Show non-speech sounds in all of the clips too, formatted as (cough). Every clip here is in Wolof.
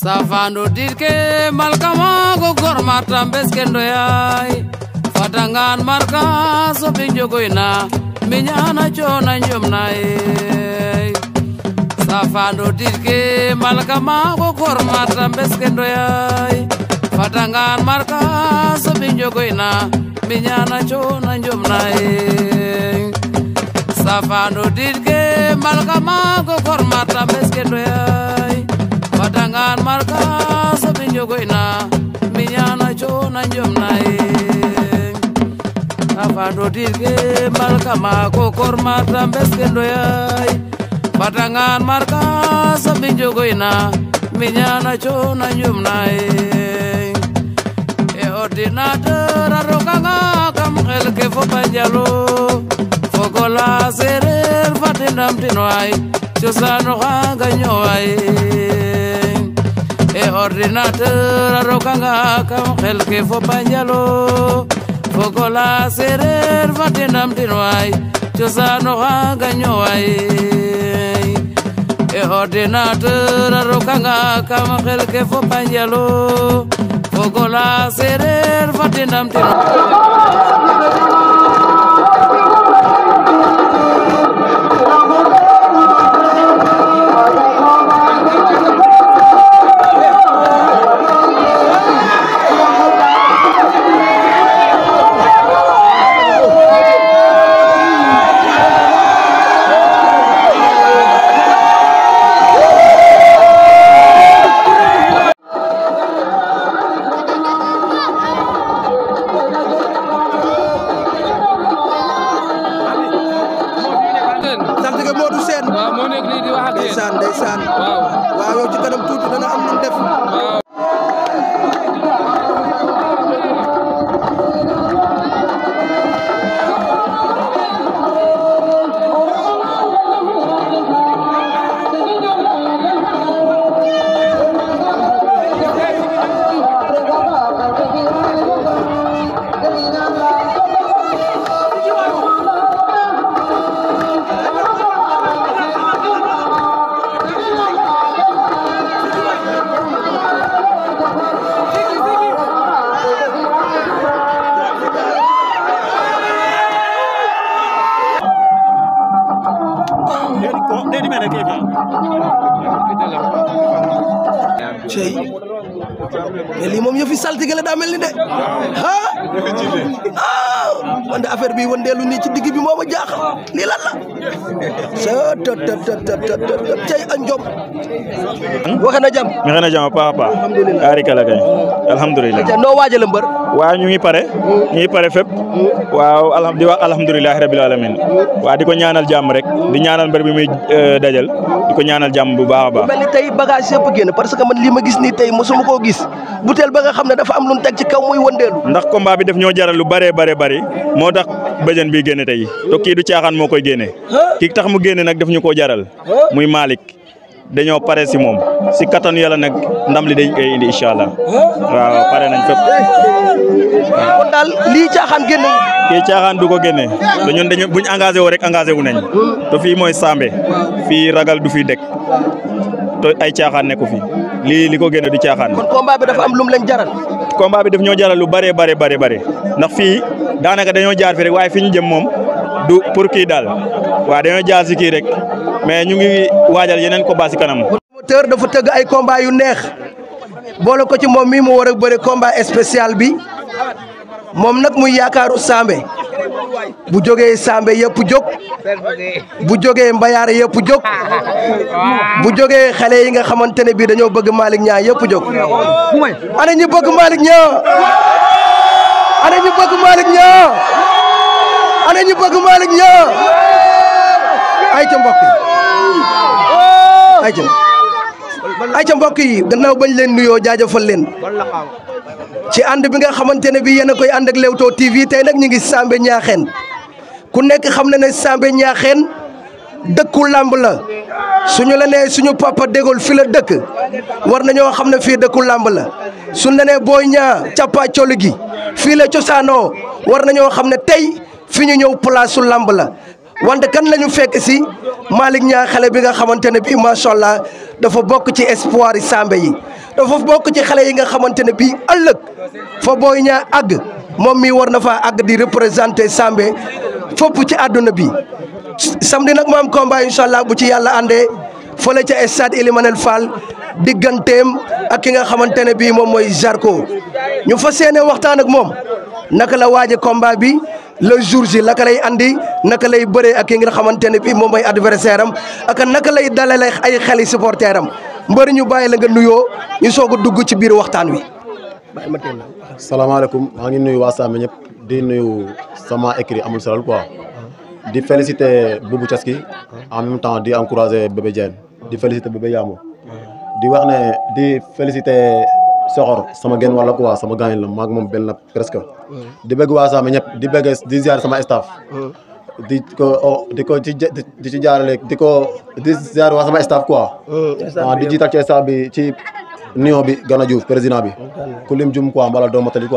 safandu dit ke malkamago gor martam beskendoyay fatangan marka sopi jogoyna miñana cona jomnaye safandu dit ke malkamago gor martam beskendoyay fatangan marka sopi jogoyna miñana cona jomnaye safandu dit ke malkamago gor martam beskendoyay watangan marka sobi jogoyna miñana cona jomnaye afandodirke malka ma kokor marta beskendoyay watangan marka sobi jogoyna miñana cona jomnaye e ordinateur a rokanga kam xel ke fogola sereer fati ndamtinoay cosano xanga ñowaye e ordinateur a rokanga kam xel ke fo banjalo fogola sereer fa denam den waay cosaan oxaaga ñowaay e ordinateur a rokanga kam xel ke fo banjalo fogola sereer fa denam den jaaxal lii lan la sa të të të të të të tey ak njom hmm? waxe na jàmm waxe na jàmm paa paa arika la kay alhamdulilah noo waajale mbër waaw ñu ngi pare ñu ngi pare fépp waaw alham di wax alhamdulilahi rabil alamin waaw di ko ñaanal jàmm rek di ñaanal mbër bi muy euh, dajal di ko ñaanal jàmm bu baax a baax. mel ni tey bagage yëpp génn parce que man li ma gis nii tey mosuma koo gis butéel ba nga xam ne dafa am lu mu teg ci kaw muy wëndeelu. ndax combat bi daf ñoo jaral lu bëree bare bari moo tax bëjën bi génne tey to kii du caaxaan moo koy génne kii tax mu génne nag daf ñu koo jaral muy Malick. dañoo pare si moom si kattanu yàlla nag ndam li dañ koy indi incha allah waaw pare nañ fépp. kon daal lii caaxaan génne. kii caaxaan du ko génne te ñun dañu buñ rek engagé wu nañ fii mooy Sambé fii ragal du fi dëkk te ay caaxaan ko fi lii li ko génne du caaxaan. kon combat bi dafa am lum lañ jaral. combat bi daf ñoo jaral lu bare bare bare bare ndax fii daanaka dañoo jaar fi rek waaye fi ñu jëm moom du pour kii daal waaw dañoo jaar si kii rek. mais ñu ngi waajal yeneen ko ci kanam. promoteur dafa tëgg ay combat yu neex boole ko ci moom mii mu war a bëre combat bi moom nag muy yaakaaru Sambe bu jógee Sambe yëpp jóg bu jógee Mbayaar yëpp jóg bu jógee xale yi nga xamante ne bii dañoo bëgg Malick Niang yëpp jóg ana ñu bëgg Malick Niang ana ñu bëgg Malick Niang ay ca Oh! ayca ayca mbokk yi gannaaw bañ leen nuyoo jaajëfal leen ci ànd bi nga xamante ne bi yéen a koy ànd ak Leewtoo TV tey nag ñu ngi Sambé Niakhène ku nekk xam na ne Sambé Niakhène dëkku làmb la suñu la nee suñu papa dégol fi la dëkk war na ñoo xam ne fii dëkku làmb la su la booy ñaa cappaa colu gi fii la cosaanoo war na ñoo xam ne tey fi ñu ñëw place làmb la wante kan la ñu fekk si Malick Niang xale bi nga xamante ne bii macha allah dafa bokk ci espoir yi Sambé yi dafa bokk ci xale yi nga xamante ne bii ëllëg fa Boy ñaa àgg moom mii war na faa àgg di représenter sambe fopp ci àdduna bi. samedi nag mu am combat allah bu ci yàlla àndee fële ca stade Elimanel Fall digganteem ak ki nga xamante ne bii moom mooy Zarko ñu fa yéene waxtaan ak moom. naka la waaje combat bi le jour ji naka lay andi naka lay bëree ak ki nga xamante ne bii moom mooy adversaire am ak naka lay dalale ay xeli supporter am mbëri ñu bàyyi la nga nuyoo ñu soog a dugg ci biir waxtaan wi. salaamaaleykum maa ngi nuyu waa Same ñëpp di nuyu sama écrit amul salal quoi di féliciter Boubou Thiaski en même temps di encourager Bébé Diène di féliciter Bébé Yamo di wax ne di féliciter. soxor sama genn wàll quoi sama gaañ la maag moom benn la presque. di bëgg waa Saam ñëpp di bëgg di ziar sama staff. di ko oh, di ko ci di ci jaarale di ko di ziar waa sama staff quoi. waaw di jiital ci ci. nio bi Gana Diouf président bi ku lim jum quoi mbala doo matali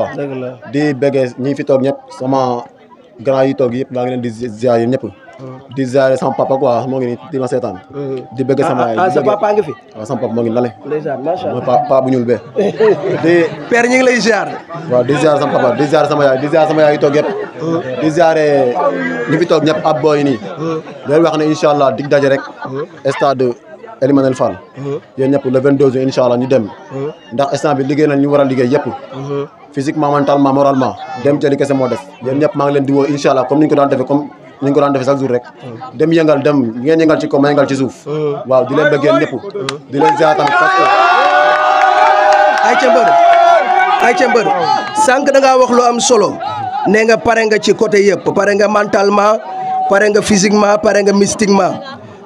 di bëggee ñi fi toog ñëpp sama gana yi toog yëpp maa ngi leen di ziar yi ñëpp di sama papa quoi moo ngi nii mm-hmm. ah, sama ah, sa papa nga fi. waaw sama papa moo ngi lale. ndeysaan macha allah mooy papa bu ñuul (laughs) di. père ñu ngi lay ziare. waaw di ziare sama papa di ziare sama yaay di ziare sama yaay yi toog yëpp. Mm-hmm. di ziare fi toog ñëpp ab booy nii. Mm-hmm. loolu wax allah dig daje rek. stade Elimanel Fall. yéen ñëpp le 22 juin allah ñu dem. ndax instant bi liggéey nañ ñu war a liggéey yëpp. physiquement mentalement moralement. dem ca li kese moo def. yéen ñëpp maa leen di woo incha allah comme ni ñu ko daan defee ñu ngi ko daan defee chaque jour rek dem yëngal dem ngeen yëngal ci kaw ma yëngal ci suuf waaw di leen bëggee ñëpp di leen ziar tamit parce que ay ca mbër ay ca sànq da ngaa wax lu am solo nee nga pare nga ci côté yëpp pare nga mentalement pare nga physiquement pare nga mystiquement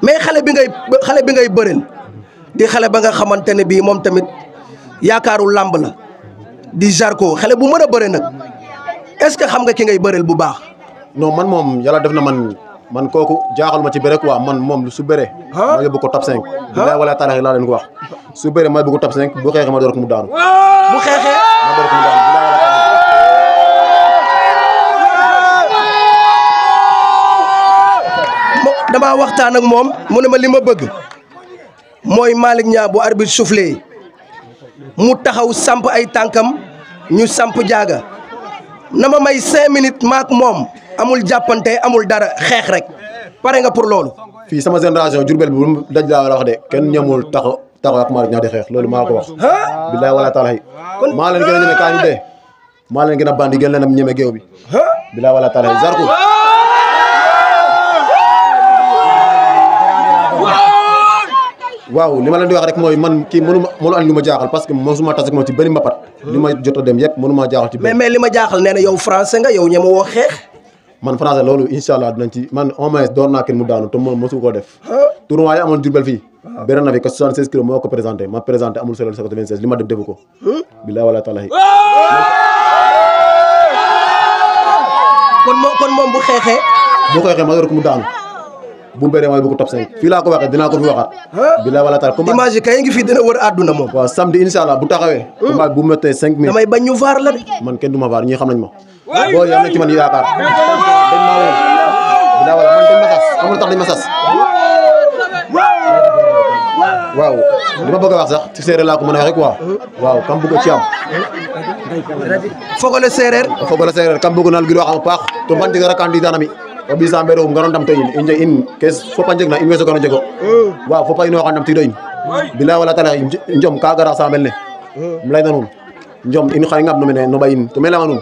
mais xale bi ngay xale bi ngay bëreel di xale ba nga xamante ne bii moom tamit yaakaaru làmb la di Zarko xale bu mën a bëre nag est-ce que xam nga ki ngay bëreel bu baax non man moom yàlla def na man man kooku jaaxal ma ci bëre quoi man moom su bëre ma yóbbu ko top 5 bilaay wala taalax leen ko wax su bëre ma yóbbu ko top 5 bu xeexee ma door ko mu daanu bu xeexee ma door ko mu moom mu ne ma li ma bëgg mooy Malick Niang bu arbitre soufflé mu taxaw samp ay tànkam ñu samp jaaga na ma may cinq maak moom amul jàppante amul dara xeex rek pare nga pour loolu. fii sama génération Diourbel bi bu daj laa war a wax de kenn ñamul taxaw taxaw ak Malick Niang di xeex loolu maa ko maa leen gën a ñeme kaa a bandi gën leen am ñeme géew bi. billaay wala taalaay Zarko. waaw li ma leen di wax rek mooy man kii mënu ma mënu am lu ma jaaxal parce que mosuma tas ak ci benn mbapat. li ma jot a dem yëpp mënu ma jaaxal ci benn. mais li ma jaaxal nee na yow français nga yow ñeme woo xeex. man français loolu incha allah dinañ ci man au moins door naa kenn mu daanu te moom mosu koo def tournoi yi amoon Diourbel fii beneen na fi que 76 kilos moo ko présenté ma présenté amul solo 96 li ma def defu ko billahi wala talahi kon moom kon moom bu xeexee bu xeexee ma yor ko mu daanu bu mbéree mooy bu ko top 5 fii laa ko waxee dinaa ko fi waxaat billahi wala talahi image yi kay ngi fii dina wër àdduna moom waaw samedi incha allah bu taxawee hmm. combat bu méttee 5 minutes damay bañ ñu la de man kenn du ma vaar ñi xam nañ ma boo am na ci man yaakaar ma sas xam nga tax dañ ma sas waaw li ma bëgg a wax sax ci séeréer laa ko mën a waxee quoi waaw kam bëgg a ci am fogole séeréer fogole séeréer kam bëgg naan gilo xam paax to fantiga rakandi tanami o ɓisa mbero um ganon dam to in in in ke fopa jegna in weso gano jego oh. waaw fopa inoxan dam tiido in bila wala tala jom ka gara samel ne um layna nuun jom ina xale ngam no mene no mbayin to me leyama nuun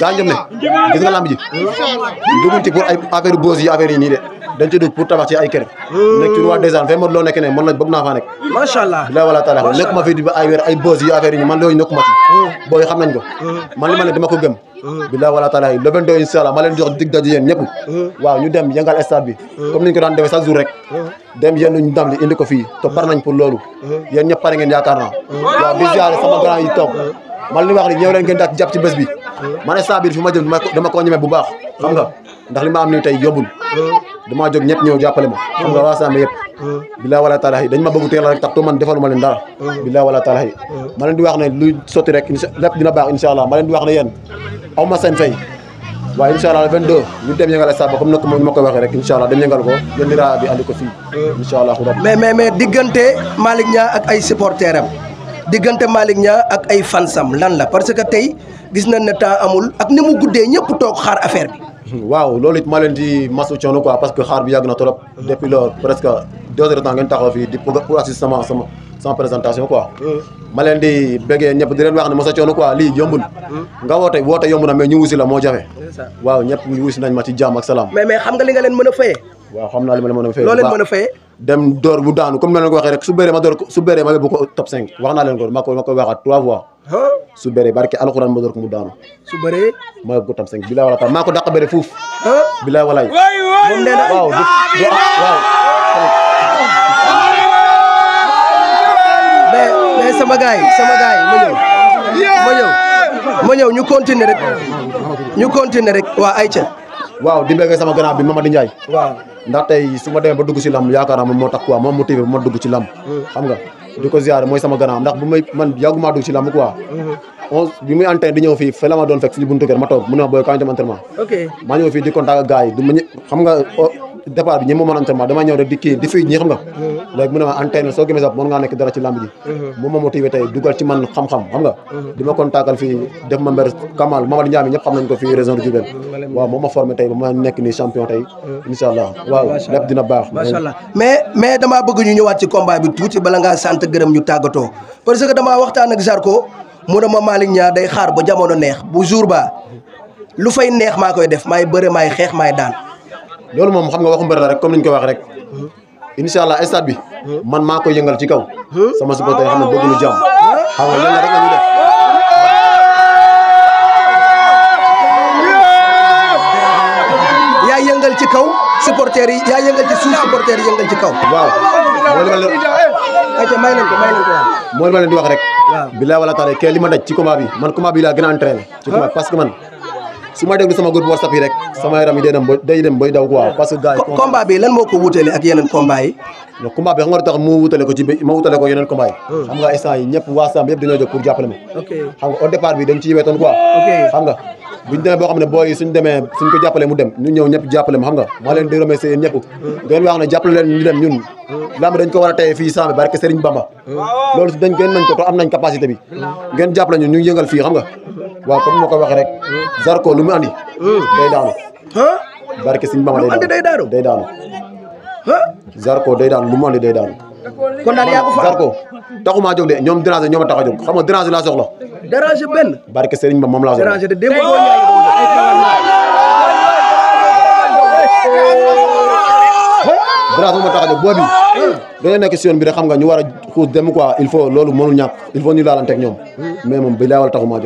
ga ne gis nga lamb ji ay affaire bose yi affaire yi nii de dañ ci dugg pour tabax ci ay kër nekk ci roi des arènes fe mod loo nekk ne man nag bëgg naa faa nekk macha allah bilaay wala taala ma fi di ay ay bose yi affaire yi man yooyu nekkuma ci booy xam nañ ko man li ma ne dama ko gëm bilaay wala taala le 22 incha allah ma leen jox dig daje yéen ñëpp waaw ñu dem yëngal stade bi comme niñ ko daan defee chaque jour dem yéen ñu ndam ko fii to par nañ pour loolu yéen ñëpp pare ngeen yaakaar naa waaw man li wax ni ñëw leen ngeen daal jàpp ci bés bi man instant bii fi ma jëm ko ñeme bu baax xam nga ndax li ma am nii tey yobbul damaa jóg ñëpp ñëw jàppale ma xam nga waa Samba yëpp dañ ma bëgg teel rek man defaluma ma leen di wax ne luy sotti rek lépp dina baax incha allah ma leen di wax ne yéen aw ma seen fay waaye incha allah koy waxee rek incha allah dem yëngal ko jëndi raa bi ko fii incha allah diggante Malick Niang ak ay supporters am diggante Malick Niang ak ay fansam lan la parce que tey gis na ne temps amul ak ni mu guddee ñëpp toog xaar affaire bi. (laughs) waaw loolu it maa leen di masu coono quoi parce que xaar bi yàgg na trop. depuis loolu presque deux temps ngeen taxaw fii di pour assister sama sama sama présentation quoi. Hmm. ma di bëggee ñëpp di leen wax ne a coono quoi lii yombul. Hmm. nga woote woote yomb na mais ñu wusi la moo jafe. waaw ñëpp ñu wusi nañ ma ci jàmm salaam. mais xam nga li a fayee. waaw xam naa li a fayee. dem door bu daanu comme ni ma leen ko waxee rek su bëree ma door su bëree ma yóbbu ko top 5 wax naa leen ko ma ko ma koy waxaat trois fois. su bëree barke alxuraan ma door ko mu daanu. su bëree. ma yóbbu ko top 5 bilaay wala taal maa ko dàq bëri fuuf. bilaay walaay. moom nee na waaw waaw. mais mais sama gars yi sama gars yi ma ñëw. ma ñëw ma ñëw ñu continuer rek. ñu continuer rek waa Aïcha. waaw di mbéy sama grand bi Mamady Ndiaye. waaw. ndax tey su ma demee ba dugg ci lamb yaakaar naa moom moo tax quoi moom motivé ma dugg ci lamb mm. xam nga di ko ziare mooy sama gànnaaw ndax bu may man yàggu dugg ci lamb quoi mm-hmm. on bi muy entraîné di ñëw fii fa ma doon fekk ci buntu kër ma toog mu ne ma booy kañ dem entraînement maa ñëw fii di contact ak gars yi du ma xam nga oh, départ bi ñi ma mën entraînement dama ñëw rek di kii di fii ñi nga léegi ma entraîné soo gëmee sax mën ngaa nekk dara ci lamb moom ma motivé tey dugal ci man xam-xam xam nga di ma kontaakal fii def ma mbër Kamal Mamadou Ndiame ñëpp xam ma ma nekk nii champion tey incha allah waaw lépp dina baax mais mais damaa bëgg ñu ñëwaat ci combat bi tuuti bala ngaa sant gërëm ñu tàggatoo parce que dama waxtaan ak Zarko mu ne ma Malick Niang day xaar ba jamono neex bu jour ba lu fay neex maa koy def maay bëre maay xeex maay daan loolu moom xam nga waxu mbër la rek comme ni ko wax rek incha allah stade bi man maa koy yëngal ci kaw sama supporter yi xam ne bëgg lu jàmm xam nga loolu rek la ñu def yëngal ci kaw supporter yi yaa yëngal ci ci kaw waaw mooy li ma leen may leen di wax rek waaw bilaay wala taala kee li ci combat bi man combat bi laa gën a entraîné ci combat parce man su ma déglu sama groupe whatsapp yi rek sama yaram yi day dem ba daw quoi parce que gars yi combat bi lan moo ko wutale ak yeneen combat yi donc combat xam nga tax mu wutale ko ci ma wutale ko hmm. xam nga ma leen di remercier yéen ñëpp hmm. doon wax ne jàppale leen dem ñun hmm. lamb dañ ko war a teye fii Samb barke Serigne Bamba loolu dañ gën nañ ko to am nañ capacité bi ngeen jàppale ñu ñu yëngal fii xam nga waaw comme moo ko waxee rek. Zarko lu mu andi. Hmm. day daanu. barke suñu mama day daanu day daanu day daanu. Zarko day daanu lu mu andi day daanu. kon ko fa Zarko de ñoom déranger ñoom a tax a jóg xam nga déranger laa soxla. déranger benn. barke Serigne Ba moom laa soxla déranger moom a tax a jóg boobu dañoo nekk si yoon bi rek xam nga ñu war a xuus dem quoi il faut loolu mënul ñàkk il faut ñu laalanteeg ñoom hmm. mais moom bi war a taxumaa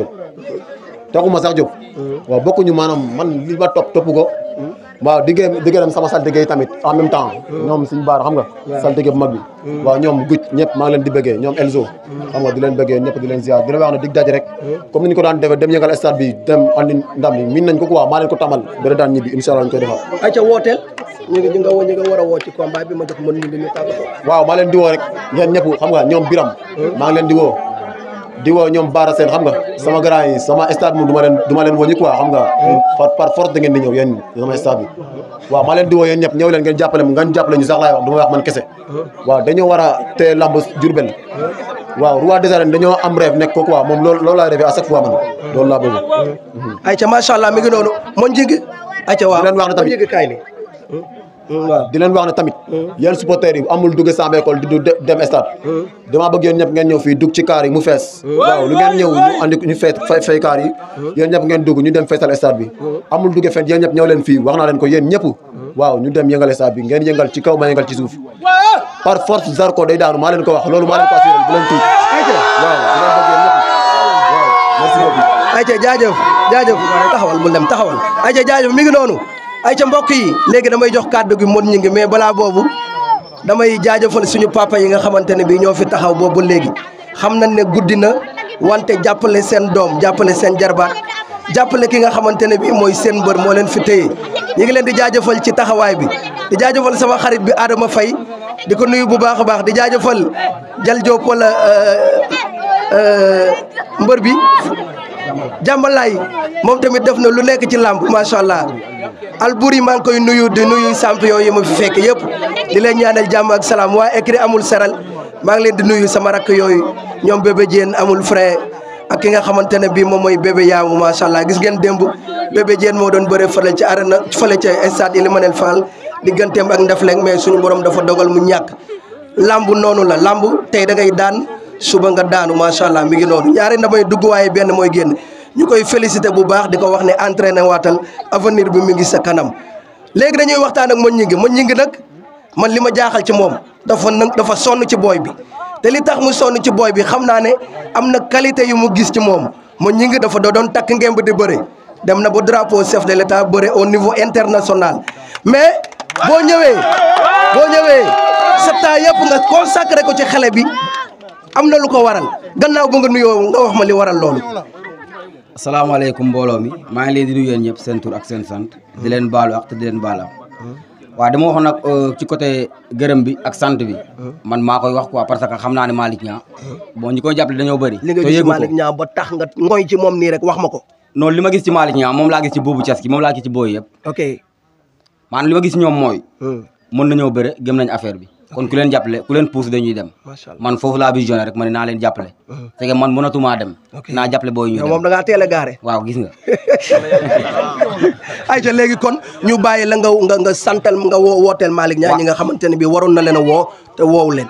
taxuma sax jóg mm. waaw ñu maanaam man li ma topp topp ko mm. waaw di gërëm di gërëm sama saltige yi tamit en même temps mm. ñoom suñu baar xam nga saltige bu mag bi waaw ñoom guj ñëpp maa leen di bëggee ñoom Elzo xam nga di leen bëggee ñëpp di leen ziar di leen wax ne dig daje dem yëngal stade ndam yi miin nañ ko quoi maa leen ko tamal bëri daan ñibbi incha allah ñu koy defal ayca wooteel ñu ngi woo ñu nga bi ma jox waaw maa leen di woo rek ngeen ñëpp xam nga ñoom biram maa ngi leen di wo di woo ñoom Baara Sène xam nga sama grand yi sama stade moom du ma leen du ma leen woo ñu quoi xam nga par par force da ngeen di ñëw yéen sama stade bi waaw maa leen di woo yéen ñëpp ñëw leen ngeen jàppale mu ngeen jàppale ñu sax laay wax du ma wax man kese waaw a téye lamb Diourbel moom loolu loolu laa allah mi ngi noonu mon jigi ayca waaw leen wax na tamit waaw di leen wax ne tamit hmm. yéen supporters yi amul dugg sama école di dem stade hmm. damaa bëgg yéen ñëpp ngeen ñëw fii dugg ci kaar mu fees hmm. waaw lu ngeen ñëw ñu andi ñu fay fay fay kaar yi ñëpp ngeen dugg ñu dem feesal stade bi amul dugg fenn yéen ñëpp ñëw leen fii wax naa leen ko yéen ñëpp waaw ñu dem yëngal stade bi ngeen yëngal ci kaw ma yëngal ci suuf par force Zarko day daanu maa leen ko wax loolu maa leen ko assuré bu leen tuut waaw di leen bëgg yéen ñëpp taxawal mu dem taxawal ayca jaajëf mi ngi noonu ay ca mbokk yi léegi damay jox kàddu gi mën ñu ngi mais balaa boobu damay jaajëfal suñu papa yi nga xamante ne bii ñoo fi taxaw boobu léegi xam nañ ne guddi na wante jàppale seen doom jàppale seen jarbaax jàppale ki nga xamante ne bii mooy seen mbër moo leen fi téye ñu ngi leen di jaajëfal ci taxawaay bi di jaajëfal sama xarit bi Adama fay di ko nuyu bu baax a baax di jaajëfal Jal Diop wala euh, euh, mbër bi jàmbalaay moom tamit def na lu nekk ci làmb macha allah Alboury maa ngi koy nuyu di nuyu champion yi ma fi fekk yëpp di leen ñaanal jàmm ak salaam waa écrit amul seral maa ngi leen di nuyu sama rakk yooyu ñoom bébé Diène amul frais ak ki nga xamante ne bii moom mooy bébé yaamu macha gis ngeen démb bébé moo doon bëre fële ci arena fële ci stade Ely Manel Fall digganteem ak Ndefleng mais suñu borom dafa dogal mu ñàkk. làmb noonu la làmb tey da ngay daan. suba nga daanu macha allah mi ngi noonu ñaari ndamay dugg waaye benn mooy génn ñu koy félicité bu baax di ko wax ne entraîné waatal avenir bi mi ngi sa kanam. léegi dañuy waxtaan ak Mbodj Gningue Mbodj Gningue nag man li ma jaaxal ci moom dafa nag dafa sonn ci booy bi te li tax mu sonn ci booy bi xam naa ne am na qualité yu mu gis ci moom Mbodj Gningue dafa doon takk ngemb di bëre dem na ba drapeau chef de l'état bëre au niveau international mais boo ñëwee boo ñëwee sa temps yëpp nga ko ci xale bi. am na lu ko waral gannaaw ba nga nuyoo nga wax ma li waral loolu. asalaamaaleykum mbooloo mi maa ngi leen di nuyu yéen ñëpp seen tur ak seen sant. di leen baalu ak te di leen baalaam. waaw dama wax nag euh, ci côté gërëm bi ak sant bi. man maa koy wax quoi parce que xam naa ne Malick Niang. bon ñi koy jàppale dañoo bëri. te yëgu ko li nga gis ba tax nga ngoy ci moom nii rek wax ma ko. non li ma gis ci Malick Niang moom laa gis ci boobu Thiès gi moom laa gis ci booy yëpp. ok maanaam li ma gis ñoom mooy. Hmm. mën nañoo bëre gëm nañ affaire bi. kon ku leen jàppale ku leen pousse dañuy dem man foofu laa visionné rek ma naa leen jàppale c'est uh-huh. que man mënatumaa dem naa jàppale booy ñu dem moom da ngaa teel a gaare waaw gis nga ay (laughs) léegi kon ñu bàyyi la nga nga nga santal nga woo wooteel Malick Niang ñi nga xamante ne bi waroon leen woo te leen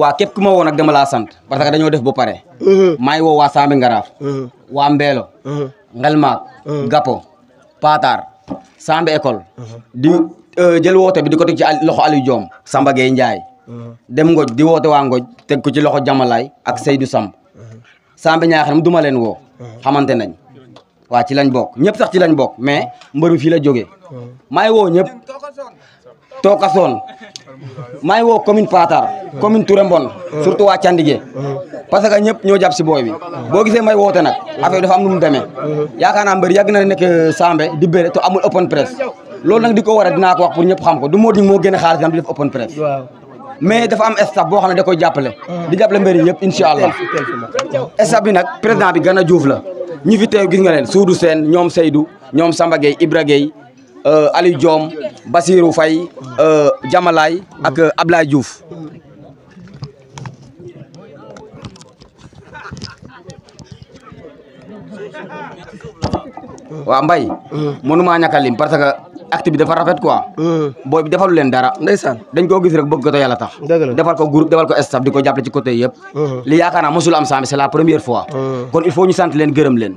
waaw képp ma woo nag dama laa sant parce que dañoo def ba pare uh-huh. maa ngi woo waa Sambi Ngaraaf uh-huh. waa Mbeelo Ngelmaak Gapo Patar Sambi école di Euh, jël woote bi di ko teg ci loxo Aliou Diom Samba Gueye Ndiaye uh-huh. dem Ngoj di woote waa Ngoj teg ko ci loxo Jamalaay ak uh-huh. Seydou Samb uh-huh. Samba Ñaaxar mu duma leen woo xamante nañ waa ci lañ bokk ñëpp sax ci lañ bokk mais mbëru fii la jógee maay woo ñëpp tookasoon maay woo commune Patar commune Touré Mbon surtout waa Candigé parce que ñëpp ñoo jàpp si boo gisee may woote nag affaire dafa am nu mu demee yaakaar naa mbër yàgg na nekk Sambé di bëre te amul open press loolu nag di ko waral dina ko wax pour ñëpp xam ko du Modou moo gën a xaalis am di def open press mais dafa am staff boo xam ne da jàppale di jàppale mbir yëpp incha allah staff bi nag président bi Gana Diouf la ñi fi teew gis nga leen Soudou seen ñoom Seydou ñoom Samba Gueye Ibra Gueye euh, Aliou Diom Basirou euh, Jamalaay ak euh, Ablaye Diouf waa Mbaye hmm. mënumaa ñàkk a lim acte bi dafa rafet quoi. Euh. booy bi defalu leen dara. ndeysaan dañ koo gis rek bëgg ko te yàlla tax. defal ko groupe defal ko staff di ko jàppale ci côté yëpp. Euh. li yaakaar naa mosul am saami c'est la première euh. kon il faut ñu sant leen gërëm leen.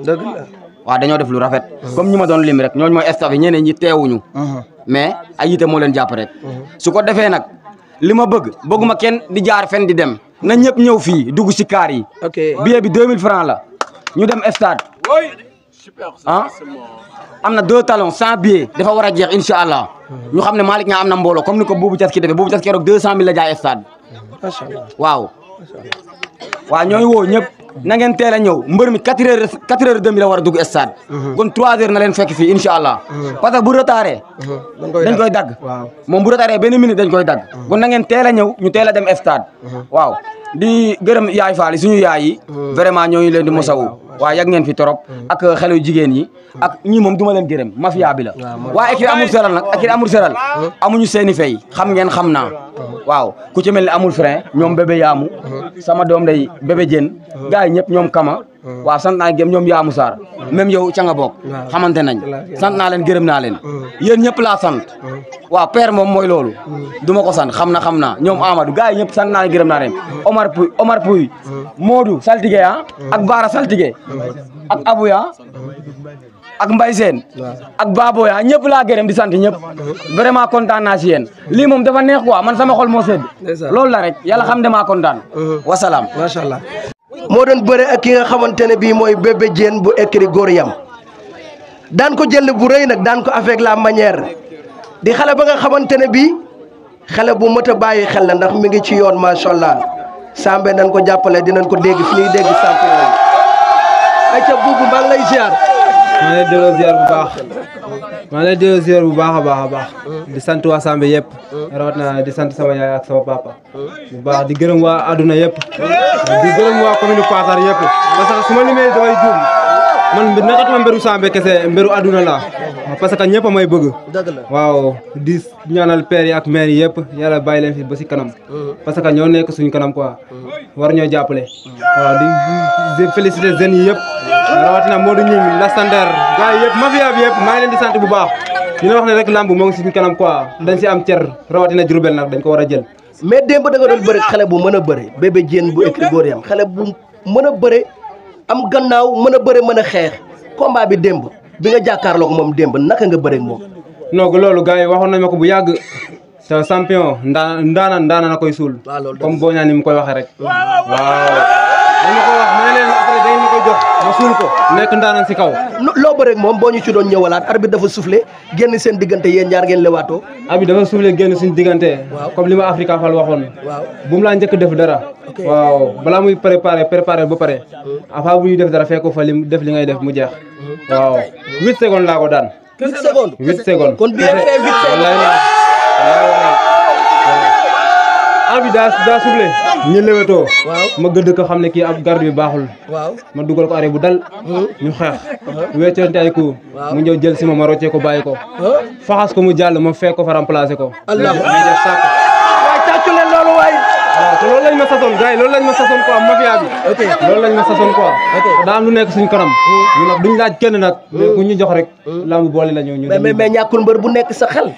waaw dañoo def lu rafet. comme ñi ma doon lim rek ñooñu mooy staff yi ñeneen ñi teewuñu. Uh-huh. mais ay yite moo rek. Uh-huh. su ko ma bëgg bëgguma kenn di jaar fenn di dem. na ñëpp ñëw fii dugg si kaar ñu dem stade. ah am na deux talons cent billets dafa war a jeex incha allah ñu xam ne Malick Niang am na mbooloo comme ni ko Boubou Thiaski defee Boubou Thiaski keroog deux cent mille la jaay stade macha allah waaw waaw ñooy woo ñëpp na ngeen teel a ñëw mbër mi quatre heures quatre demi la war a dugg stade mhm. kon trois heures na leen fekk fii incha allah mhm. parce que bu retardé mhm. dañ koy dagg moom bu retardé benn minute dañ koy dagg kon na ngeen teel a ñëw ñu teel a dem stade waaw di gërëm yaay faali suñu yaay yi. Hmm. vraiment ñoo ngi leen di mosawu. waaye yàgg ngeen fi trop. Hmm. ak xelu jigéen ñi. Hmm. ak ñii moom du ma leen gërëm mafia bi la. waaye écurie amul seral nag écurie amul seral. amuñu seeni fay xam ngeen xam naa. waaw ku ci mel ne amul frein ñoom bébé yaamu. sama doom day bébé jën. gars ñëpp ñoom kama. Mm. waaw sant naa gëm ñoom yaa saar mm. même yow ca nga mm. xamante nañ sant naa leen gërëm naa leen yéen ñëpp laa sant waa père moom mooy loolu du ma ko sant xam na xam naa ñoom Amadou gars yi ñëpp sant naa leen gërëm naa leen Omar Pouy Omar Pouy Modou saltige ah ak Baara saltige ak Abouya ak Mbaye Sène ak Baboya ñëpp laa gërëm di sant ñëpp vraiment kontaan naa si yéen lii moom dafa neex quoi man sama xol moo sedd loolu la rek yàlla xam ne maa kontaan wasalaam macha moo doon bëre ak ki nga xamante ne bii mooy bébé jéen bu écrit góor yam daan ko jël bu rëy nag daan ko avec la manière di xale ba nga xamante ne bii xale bu mët a bàyyi xel la ndax mi ngi ci yoon macha allah Sambe nañ ko jàppale dinañ ko dégg fi ñuy dégg champion ay ca buubu maa ngi lay ziar. baax. maa ngi lay bu baax a baax a baax. di sant waa Samb yëpp. rawatina di sant sama yaay ak sama papa. bu baax di gërëm waa àdduna yëpp. di gërëm waa commune Paatar yëpp. parce que su ma limee damay juum man nekkatuma mbiru Samb kese mbiru àdduna la parce que ñëpp a may bëgg. waaw di ñaanal père yi ak mère yi yëpp yàlla bàyyi leen fi ba si kanam. parce que ñoo nekk suñu kanam quoi. war ñoo jàppale. di féliciter jeunes yi yëpp. rawatina Modou Gningue Lastander gars yi yëpp mafia bi yëpp maa ngi leen di sant bu baax ñu ne wax ne rek lamb moo ngi si kanam quoi dañ si am cër rawatina Diourbel nag dañ ko war a jël mais démb da doon bëri xale bu mën a bëri bébé jéen bu écrit góor yam xale bu mën a bëri am gannaaw mën a bëri mën a xeex combat bi démb bi nga jàkkaarloo ko moom démb naka nga bëri moom non loolu gars yi waxoon nañ ma ko bu yàgg te champion ndaa ndaana ndaana na koy suul comme boo ñaa ni mu koy waxee rek waaw dañ ngeen ñu ko suul ko nekk ndaanaan si kaw loo bëreeg moom boo ñu ci doon ñëwalaat arbitre dafa le génn seen diggante yéen ñaar ngeen lewaatoo arbitre dafa soufflé génn suñu diggante comme li ma Africa Fall waxoon waaw bu mu laa njëkk def dara waaw balaa muy préparé préparé ba pare hmm. avant bu ñuy def dara fekk fa li mu def li ngay def mu jeex hmm. waaw huit secondes laa ko daan huit secondes huit secondes kon bi huit secondes daa daa suble ñu lewetoo ma gëdd ko xam ne kii ab garde bi baaxul waaw ma dugal ko arrêt bu dal ñu xeex weccante ay ko mu ñëw jël si ma ma roccee ko bàyyi ko faxas ko mu jàll ma fekk ko fa remplacé ko allah waay tàccu leen loolu waay waaw te loolu lañ ma sasoon gars yi loolu lañ ma sasoon quoi mafia loolu lañ ma sasoon quoi daa am lu nekk suñ kanam ñu nag duñ laaj kenn nag mais ku ñu jox rek lamb boole la ñu mais mais ñàkkul mbër bu nekk sa xel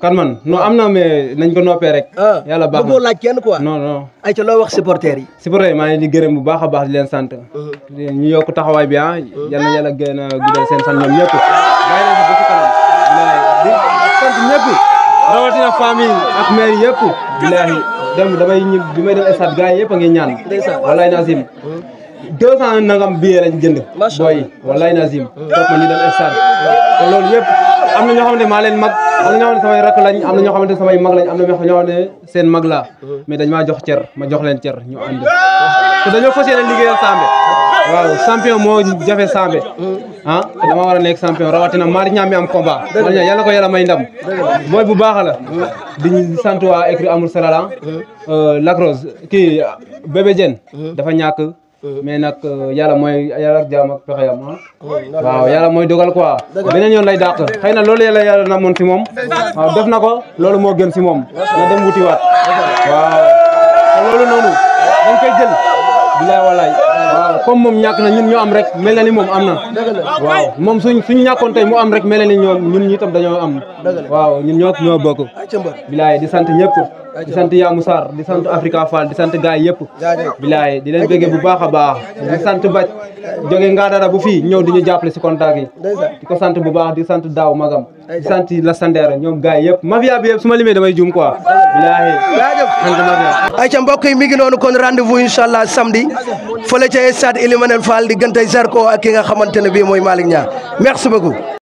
kan man non am na nañ ko noppee rek. Ah, yàlla baax na bëggoo laaj kenn quoi. non ay ca loo wax supporters yi. supporters yi maa ngi di gërëm bu baax baax leen sant. Uh-huh. Eh, ñu yokk taxawaay bi ah. Uh-huh. yal na yàlla gën seen fan ñoom ñëpp. bàyyi leen ko ba ci kanam. di sant ñëpp. ak mère yëpp. bilahi damay ñib bi may dem stade gars yi yëpp ngi ñaan. ndeysaan walaay naa deux cent nangam billet lañ jënd. macha allah booy walaay Nazim. toog ma ñu dem stade te loolu yëpp am na ñoo xam ne maa leen mag am na ñoo xam ne samay rakk lañ am na ñoo xamante ne samay mag lañ am na ñoo xam ne seen mag laa. Mhm. mais dañ maa jox cer ma jox leen cer ñu ànd. te dañoo fas yéene liggéeyal Sambé. waaw champion moo jafe Sambé. Mhm. ah te dama war a nekk champion rawatina Malick Niang mi am combat. dëgg la yàlla ko yàlla may ndam. booy bu baax la. Mhm. di sant waa écrit amul salalan. Euh, Lacrosse kii Bébé Diène. dafa ñàkk. mais nag euh, yàlla mooy yàlla ak jaam ak pexeyam ah. waaw yàlla mooy dogal a beneen yoon lay dàq xëy na loolu yàlla yàlla namoon si moom. waaw def na ko loolu moo gën si moom. na dem wuti waat waaw a loolu noonu dañ koy jël bilaay walaay. waaw comme moom ñàkk na ñun ñoo am rek mel na ni moom am na waaw moom suñ suñ ñàkkoon tey mu am rek mel na ni ñoom ñun ñi tam dañoo am waaw ñun ñoo ñoo bokk bilaay di sant ñëpp di sant Yamou Sarr di sant Africa Fall di sant gaay yëpp bilaay di leen bëggee bu baax a baax di sant baj jóge ngaa dara bu fii ñëw di ñu jàppale si contact di ko sant bu baax di sant daaw magam sant la Sandeera ñoom gars yëpp mafia bi yëpp su ma limee damay juum quoi. bilaahi jaajëf sant mafia. ayca mbokk yi mi ngi noonu kon rendez-vous incha allah samedi fële ca stade Elimanel Fall diggante Zarko ak ki nga xamante ne bii mooy Malick Niang merci beaucoup.